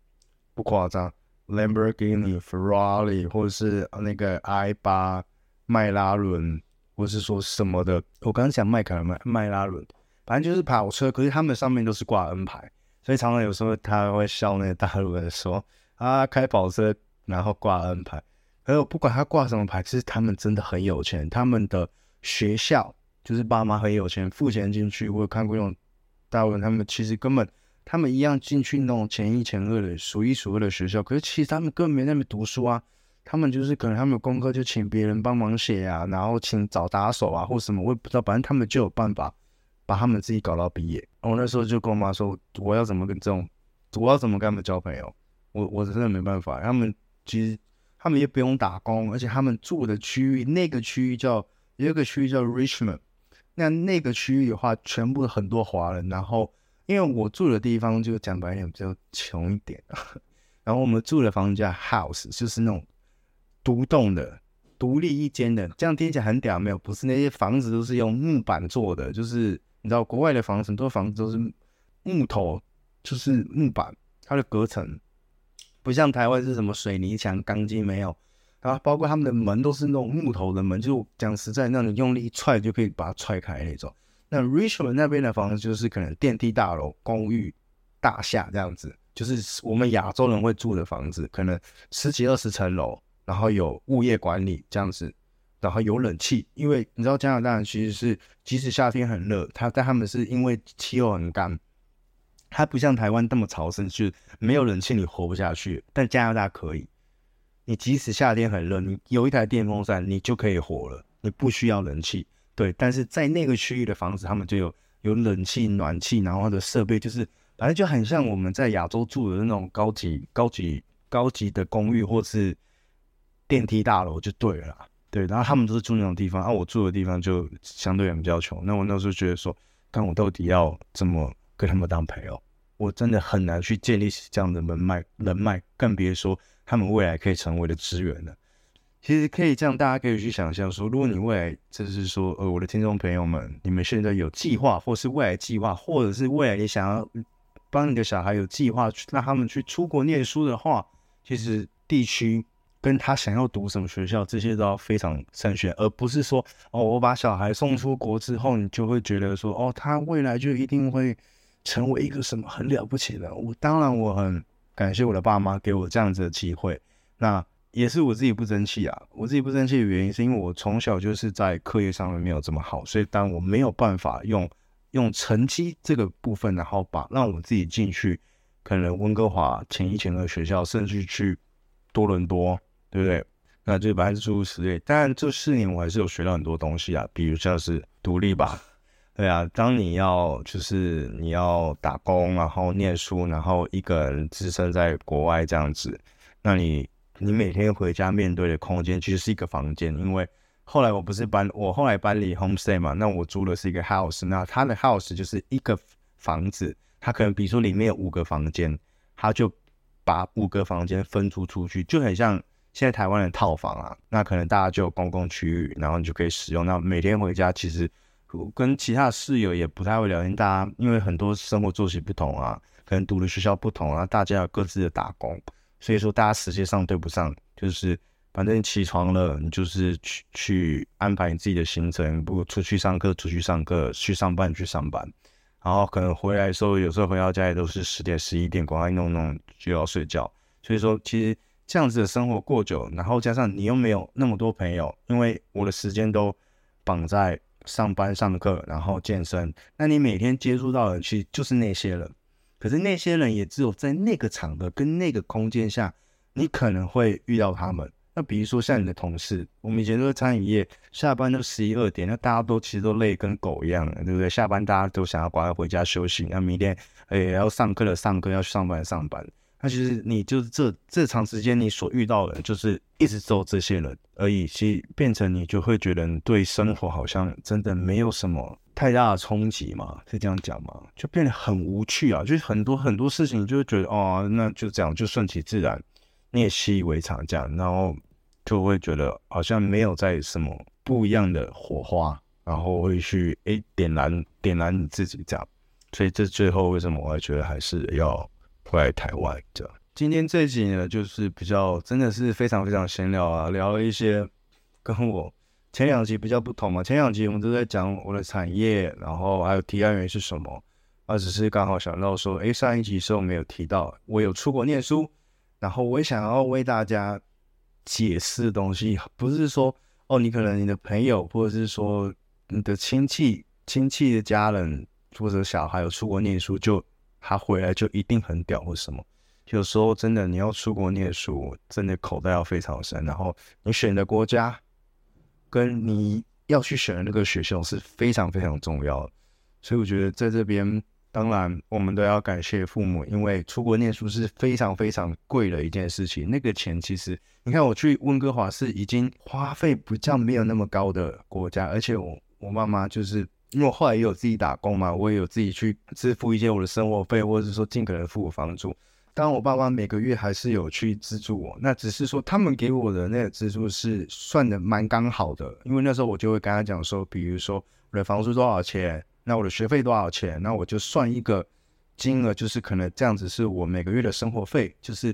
不誇張。Lamborghini、Ferrari，或者是那個 i 八、邁拉倫，或是說什麼的，我剛講邁凱倫、邁邁拉倫，反正就是跑車。可是他們上面都是掛 N 牌，所以常常有時候他會笑那個大陸人說：“啊，開跑車，然後掛 N 牌。”還有不管他掛什麼牌，其實他們真的很有錢。他們的學校就是爸媽很有錢，付錢進去。我有看過那種大陸人，他們其實根本。他們一樣進去那種前一前二的數一數二的學校，可是其實他們根本沒在那邊讀書啊。他們就是可能他們的功課就請別人幫忙寫呀、啊，然後請找打手啊，或什麼我也不知道。反正他們就有辦法把他們自己搞到畢業。我那時候就跟我媽說，我要怎麼跟這種，我要怎麼跟他們交朋友？我我真的沒辦法。他們其實他們也不用打工，而且他們住的區域那個區域叫，有一個區域叫 Richmond，那那個區域的話，全部很多華人，然後。因為我住的地方就講白點比較窮一點，然後我們住的房子叫 house，就是那種獨棟的、獨立一間的，這樣聽起來很屌沒有？不是，那些房子都是用木板做的，就是你知道國外的房子很多房子都是木頭，就是木板，它的隔層不像台灣是什麼水泥牆、鋼筋沒有，然後包括他們的門都是那種木頭的門，就講實在，那種用力一踹就可以把它踹開那種。那 Richard 那邊的房子就是可能電梯大樓、公寓大廈這樣子，就是我們亞洲人會住的房子，可能十幾二十層樓，然後有物業管理這樣子，然後有冷氣。因為你知道加拿大人其實是，即使夏天很熱，他但他們是因為氣候很乾，它不像台灣這麼潮濕，就是沒有冷氣你活不下去，但加拿大可以，你即使夏天很熱，你有一台電風扇你就可以活了，你不需要冷氣。對，但是在那個區域的房子，他們就有有冷氣、暖氣，然後他的設備就是，反正就很像我們在亞洲住的那種高級、高級、高級的公寓，或是電梯大樓就對了。對，然後他們都是住那種地方，而、啊、我住的地方就相對也比較窮。那我那時候覺得說，看我到底要怎麼跟他們當朋友，哦？我真的很難去建立起這樣的人脈，人脈更別說他們未來可以成為的資源了。其實可以這樣，大家可以去想象說，如果你未來就是說，呃，我的聽眾朋友們，你們現在有計劃，或是未來計劃，或者是未來你想要幫你的小孩有計劃，讓他們去出國念書的話，其實地區跟他想要讀什麼學校，這些都要非常篩選，而不是說哦，我把小孩送出國之後，你就會覺得說哦，他未來就一定會成為一個什麼很了不起的。我當然，我很感謝我的爸媽給我這樣子的機會。那。也是我自己不爭氣啊！我自己不爭氣的原因，是因為我從小就是在課業上面沒有這麼好，所以當我沒有辦法用用成績這個部分，然後把讓我自己進去可能溫哥華前一前的學校，甚至去，去多倫多，對不對？那就反正諸如此類。但這四年我還是有學到很多東西啊，比如像是獨立吧，對啊，當你要就是你要打工，然後念書，然後一個人置身在國外這樣子，那你。你每天回家面對的空間其實是一個房間，因為後來我不是搬，我後來搬離 homestay 嘛，那我租的是一個 house，那他的 house 就是一個房子，他可能比如說裡面有五個房間，他就把五個房間分租出去，就很像現在台灣的套房啊，那可能大家就有公共區域，然後你就可以使用。那每天回家其實跟其他室友也不太會聊天，大家因為很多生活作息不同啊，可能讀的學校不同啊，大家要各自的打工。所以說大家時間上對不上，就是反正起床了，你就是去去安排你自己的行程，不出去上課，出去上課，去上班，去上班，然後可能回來的時候，有時候回到家也都是十點、十一點，趕快弄弄就要睡覺。所以說，其實這樣子的生活過久，然後加上你又沒有那麼多朋友，因為我的時間都綁在上班、上課，然後健身，那你每天接觸到的其實就是那些了。可是那些人也只有在那個場合跟那個空間下，你可能會遇到他們。那比如說像你的同事，我們以前都是餐飲業，下班都十一二點，那大家都其實都累跟狗一樣，對不對？下班大家都想要乖乖回家休息，那明天也，哎，要上課的上課，要上班的上班。那其實你就是這這長時間你所遇到的，就是一直只有這些人而已，其實變成你就會覺得你對生活好像真的沒有什麼太大的衝擊嘛，是這樣講嗎？就變得很無趣啊，就是很多很多事情，就是覺得哦，那就這樣，就順其自然，你也習以為常這樣，然後就會覺得好像沒有在什麼不一樣的火花，然後會去誒、欸、點燃點燃你自己這樣。所以這最後為什麼我還覺得還是要回來台灣這樣？今天這集呢，就是比較真的是非常非常閒聊啊，聊了一些跟我。前兩集比較不同嘛，前兩集我們都在講我的產業，然後還有提案原因是什麼，而、啊、只是剛好想到說，誒，上一集時我沒有提到，我有出國念書，然後我也想要為大家解釋東西，不是說哦，你可能你的朋友或者是說你的親戚親戚的家人或者小孩有出國念書，就他回來就一定很屌或者什麼。有時候真的你要出國念書，真的口袋要非常深，然後你選你的國家。跟你要去選的那個學校是非常非常重要的，所以我覺得在這邊，當然我們都要感謝父母，因為出國念書是非常非常貴的一件事情。那個錢其實，你看我去溫哥華是已經花費比較沒有那麼高的國家，而且我我媽媽就是因為我後來也有自己打工嘛，我也有自己去支付一些我的生活費，或者說盡可能付我房租，當然，我爸媽每個月還是有去資助我，那只是說他們給我的那個資助是算的蠻剛好的，因為那時候我就會跟他講說，比如說我的房租多少錢，那我的學費多少錢，那我就算一個金額，就是可能這樣子是我每個月的生活費，就是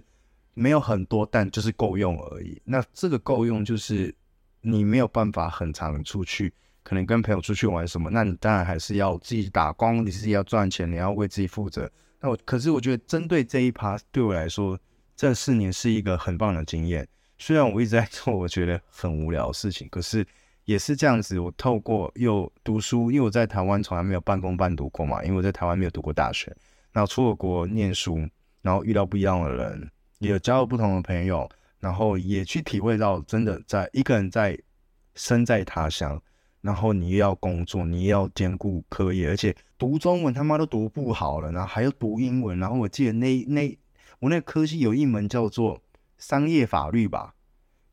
沒有很多，但就是夠用而已。那這個夠用就是你沒有辦法很常出去，可能跟朋友出去玩什麼，那你當然還是要自己打工，你自己要賺錢，你要為自己負責。那我，可是我覺得針對這一趴對我來說，這四年是一個很棒的經驗。雖然我一直在做我覺得很無聊的事情，可是也是這樣子。我透過又讀書，因為我在台灣從來沒有半工半讀過嘛，因為我在台灣沒有讀過大學。然後出了國念書，然後遇到不一樣的人，也交了不同的朋友，然後也去體會到真的在一個人在身在他鄉。然後你又要工作，你又要兼顧課業，而且讀中文他媽都讀不好了，然後還要讀英文。然後我記得那那我那個科系有一門叫做商業法律吧，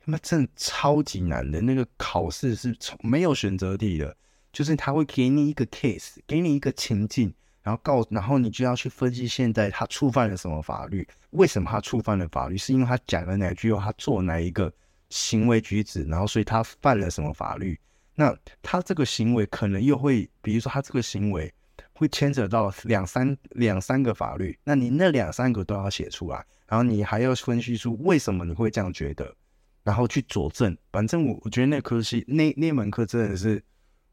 他媽真的超級難的。那個考試是沒有選擇題的，就是他會給你一個 case，給你一個情境，然後告訴，然後你就要去分析現在他觸犯了什麼法律，為什麼他觸犯了法律，是因為他講了哪句話，他做哪一個行為舉止，然後所以他犯了什麼法律。那他這個行為可能又會，比如說他這個行為會牽扯到兩三兩三個法律，那你那兩三個都要寫出來，然後你還要分析出為什麼你會這樣覺得，然後去佐證。反正我我覺得那科系那那門課真的是，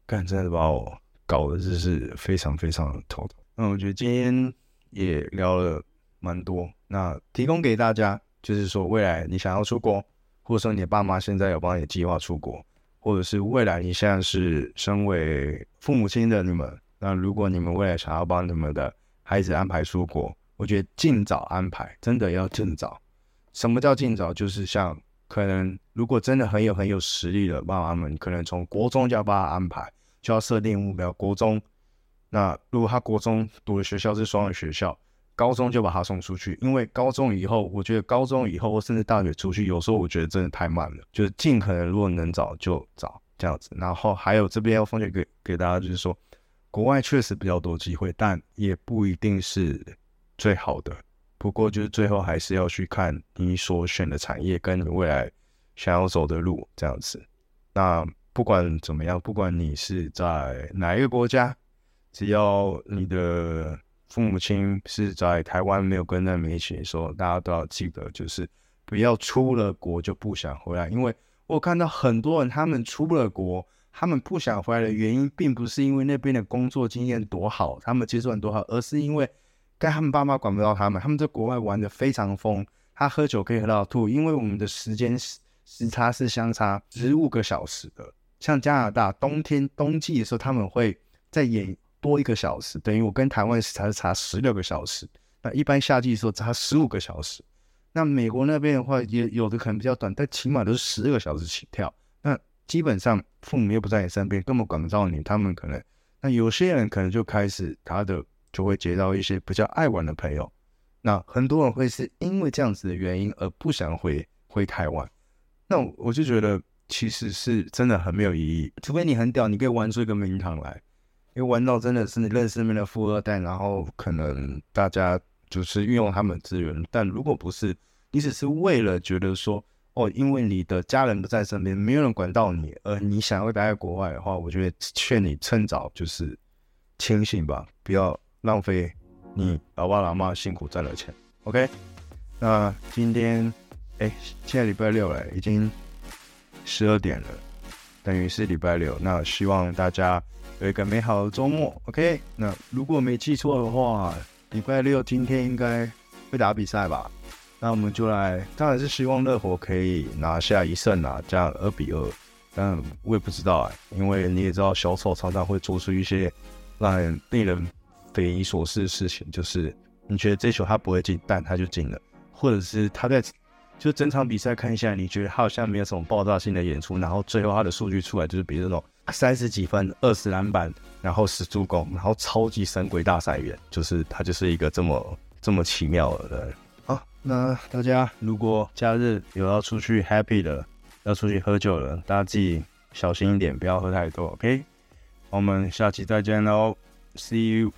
幹真的把我搞的是是非常非常的頭疼。那我覺得今天也聊了蠻多，那提供給大家就是說，未來你想要出國，或者說你的爸媽現在有幫你計劃出國，或者是未來，你現在是身為父母親的你們，那如果你們未來想要幫你們的孩子安排出國，我覺得盡早安排，真的要盡早。什麼叫盡早？就是像可能如果真的很有很有實力的爸媽們，可能從國中就要把他安排，就要設定目標。國中，那如果他國中讀的學校是雙語學校。高中就把他送出去，因為高中以後，我覺得高中以後，甚至大學出去，有時候我覺得真的太慢了，就是盡可能如果能早就早這樣子。然後還有這邊要分享給給大家，就是說，國外確實比較多機會，但也不一定是最好的。不過就是最後還是要去看你所選的產業跟你未來想要走的路這樣子。那不管怎麼樣，不管你是在哪一個國家，只要你的。父母親是在台灣，沒有跟他們一起，說，大家都要記得，就是不要出了國就不想回來。因為我看到很多人，他們出了國，他們不想回來的原因，並不是因為那邊的工作經驗多好，他們接受很多好，而是因為跟他們爸媽管不到他們，他們在國外玩得非常瘋，他喝酒可以喝到吐。因為我們的時間時差是相差十五個小時的，像加拿大冬天冬季的時候，他們會在演。多一個小時，等於我跟台灣時差是差十六個小時，那一般夏季的時候差十五個小時。那美國那邊的話，也有的可能比較短，但起碼都是十二個小時起跳。那基本上父母又不在你身邊，根本管不到你，他們可能那有些人可能就開始他的就會結交一些比較愛玩的朋友。那很多人會是因為這樣子的原因而不想回回台灣。那我就覺得其實是真的很沒有意義，除非你很屌，你可以玩出一個名堂來，因為玩到真的是你認識那邊的富二代，然後可能大家就是運用他們的資源。但如果不是，你只是為了覺得說，哦，因為你的家人不在身邊，沒有人管到你，而你想要待在國外的話，我就會勸你趁早，就是清醒吧，不要浪費你老爸老媽辛苦賺的錢。OK，那今天，哎，現在禮拜六了，已經十二點了，等於是禮拜六。那希望大家。有一個美好的周末，OK。那如果沒記錯的話，禮拜六今天應該會打比賽吧？那我們就來，當然是希望熱火可以拿下一勝啊，加二比二。但我也不知道啊、欸，因為你也知道，小丑常常會做出一些讓人令人匪夷所思的事情，就是你覺得這球他不會進，但他就進了，或者是他在就整場比賽看一下，你覺得他好像沒有什麼爆炸性的演出，然後最後他的數據出來就是比這種。三十幾分，二十籃板，然後十助攻，然後超級神鬼大賽員，就是他就是一個這麼這麼奇妙的人好、哦，那大家如果假日有要出去 happy 的，要出去喝酒的，大家自己小心一點，不要喝太多。OK，我們下期再見嘍，See you。